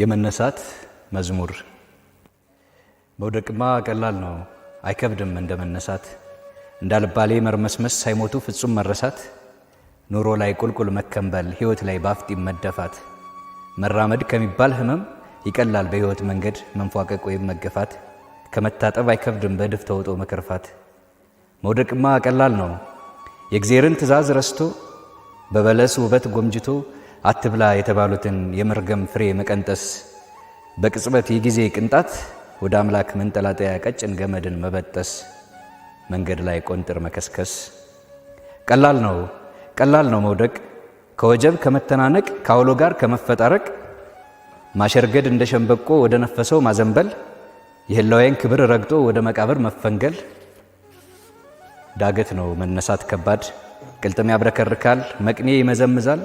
የመነሳት መዝሙር መውደቅማ ቀላል ነው አይከብድም፣ እንደ መነሳት እንዳልባሌ መርመስመስ ሳይሞቱ ፍጹም መረሳት ኑሮ ላይ ቁልቁል መከንበል ሕይወት ላይ ባፍጢ መደፋት መራመድ ከሚባል ህመም ይቀላል በሕይወት መንገድ መንፏቀቅ ወይም መገፋት ከመታጠብ አይከብድም በድፍ ተውጦ መከርፋት መውደቅማ ቀላል ነው የእግዜርን ትእዛዝ ረስቶ በበለስ ውበት ጎምጅቶ አትብላ የተባሉትን የመርገም ፍሬ መቀንጠስ በቅጽበት የጊዜ ቅንጣት ወደ አምላክ መንጠላጠያ ቀጭን ገመድን መበጠስ መንገድ ላይ ቆንጥር መከስከስ ቀላል ነው ቀላል ነው መውደቅ ከወጀብ ከመተናነቅ ከአውሎ ጋር ከመፈጣረቅ ማሸርገድ እንደ ሸንበቆ ወደ ነፈሰው ማዘንበል የህላዌን ክብር ረግጦ ወደ መቃብር መፈንገል ዳገት ነው መነሳት ከባድ ቅልጥም ያብረከርካል መቅኔ ይመዘምዛል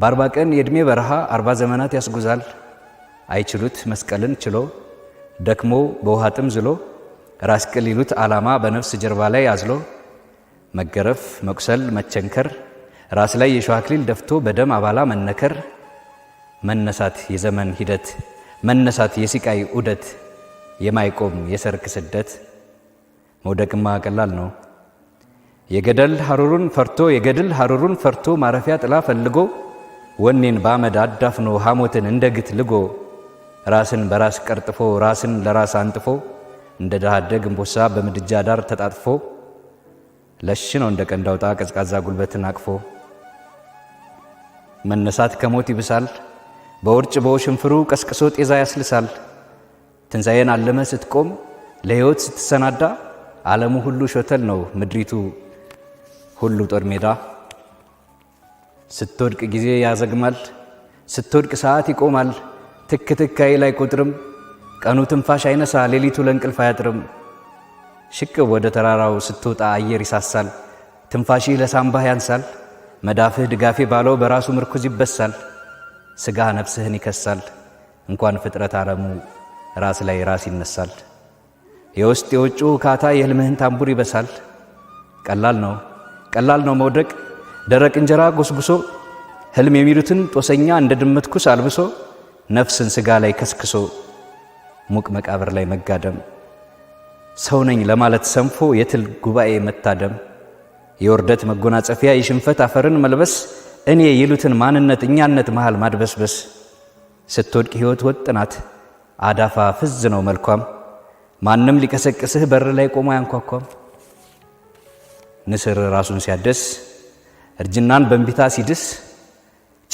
በአርባ ቀን የዕድሜ በረሃ አርባ ዘመናት ያስጉዛል። አይችሉት መስቀልን ችሎ ደክሞ በውሃ ጥም ዝሎ ራስ ቅል ይሉት ዓላማ በነፍስ ጀርባ ላይ አዝሎ መገረፍ፣ መቁሰል፣ መቸንከር ራስ ላይ የሸዋ ደፍቶ በደም አባላ መነከር መነሳት የዘመን ሂደት መነሳት የስቃይ ዑደት የማይቆም የሰርክ ስደት መውደቅማ ቀላል ነው የገደል ሐሩሩን ፈርቶ የገድል ሐሩሩን ፈርቶ ማረፊያ ጥላ ፈልጎ ወኔን በአመድ አዳፍኖ ሐሞትን እንደ ግት ልጎ ራስን በራስ ቀርጥፎ ራስን ለራስ አንጥፎ እንደ ድሃ እምቦሳ በምድጃ ዳር ተጣጥፎ ለሽ ነው እንደ ቀንዳውጣ ቀዝቃዛ ጉልበትን አቅፎ መነሳት ከሞት ይብሳል በውርጭ በውሽንፍሩ ቀስቅሶ ጤዛ ያስልሳል ትንሣኤን አለመ ስትቆም ለሕይወት ስትሰናዳ ዓለሙ ሁሉ ሾተል ነው ምድሪቱ ሁሉ ጦር ሜዳ ስትወድቅ ጊዜ ያዘግማል፣ ስትወድቅ ሰዓት ይቆማል። ትክ ትክ አይል አይቆጥርም፣ ቀኑ ትንፋሽ አይነሳ፣ ሌሊቱ ለእንቅልፍ አያጥርም። ሽቅብ ወደ ተራራው ስትወጣ አየር ይሳሳል፣ ትንፋሽህ ለሳምባህ ያንሳል። መዳፍህ ድጋፌ ባለው በራሱ ምርኩዝ ይበሳል። ሥጋ ነፍስህን ይከሳል፣ እንኳን ፍጥረት አረሙ ራስ ላይ ራስ ይነሳል። የውስጥ የውጭ ካታ የህልምህን ታምቡር ይበሳል። ቀላል ነው ቀላል ነው መውደቅ ደረቅ እንጀራ ጎስጉሶ ህልም የሚሉትን ጦሰኛ እንደ ድመት ኩስ አልብሶ ነፍስን ስጋ ላይ ከስክሶ ሙቅ መቃብር ላይ መጋደም ሰው ነኝ ለማለት ሰንፎ የትል ጉባኤ መታደም የውርደት መጎናጸፊያ የሽንፈት አፈርን መልበስ እኔ ይሉትን ማንነት እኛነት መሃል ማድበስበስ ስትወድቅ ሕይወት ወጥናት አዳፋ ፍዝ ነው መልኳም ማንም ሊቀሰቅስህ በር ላይ ቆሞ አያንኳኳም ንስር ራሱን ሲያደስ እርጅናን በእንቢታ ሲድስ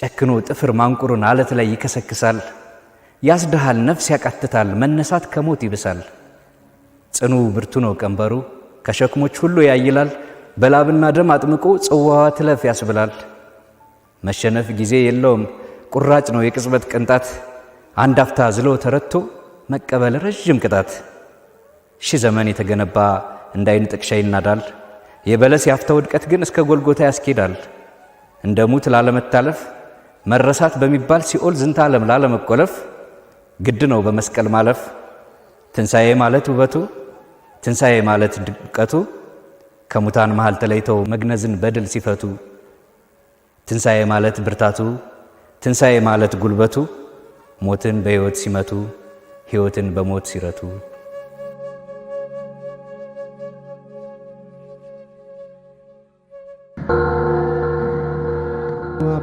ጨክኖ ጥፍር ማንቁሩን አለት ላይ ይከሰክሳል። ያስደሃል፣ ነፍስ ያቃትታል፣ መነሳት ከሞት ይብሳል። ጽኑ ብርቱ ነው ቀንበሩ፣ ከሸክሞች ሁሉ ያይላል። በላብና ደም አጥምቆ ጽዋዋ ትለፍ ያስብላል። መሸነፍ ጊዜ የለውም ቁራጭ ነው የቅጽበት ቅንጣት። አንድ አፍታ ዝሎ ተረቶ መቀበል ረዥም ቅጣት። ሺ ዘመን የተገነባ እንዳይን ጥቅሻ ይናዳል። የበለስ ያፍታ ውድቀት ግን እስከ ጎልጎታ ያስኬዳል። እንደ ሙት ላለመታለፍ መረሳት በሚባል ሲኦል ዝንተ ዓለም ላለመቆለፍ ግድ ነው በመስቀል ማለፍ። ትንሣኤ ማለት ውበቱ፣ ትንሣኤ ማለት ድቀቱ፣ ከሙታን መሃል ተለይተው መግነዝን በድል ሲፈቱ። ትንሣኤ ማለት ብርታቱ፣ ትንሣኤ ማለት ጉልበቱ፣ ሞትን በሕይወት ሲመቱ፣ ሕይወትን በሞት ሲረቱ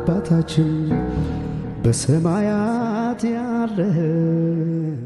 አባታችን በሰማያት ያለህ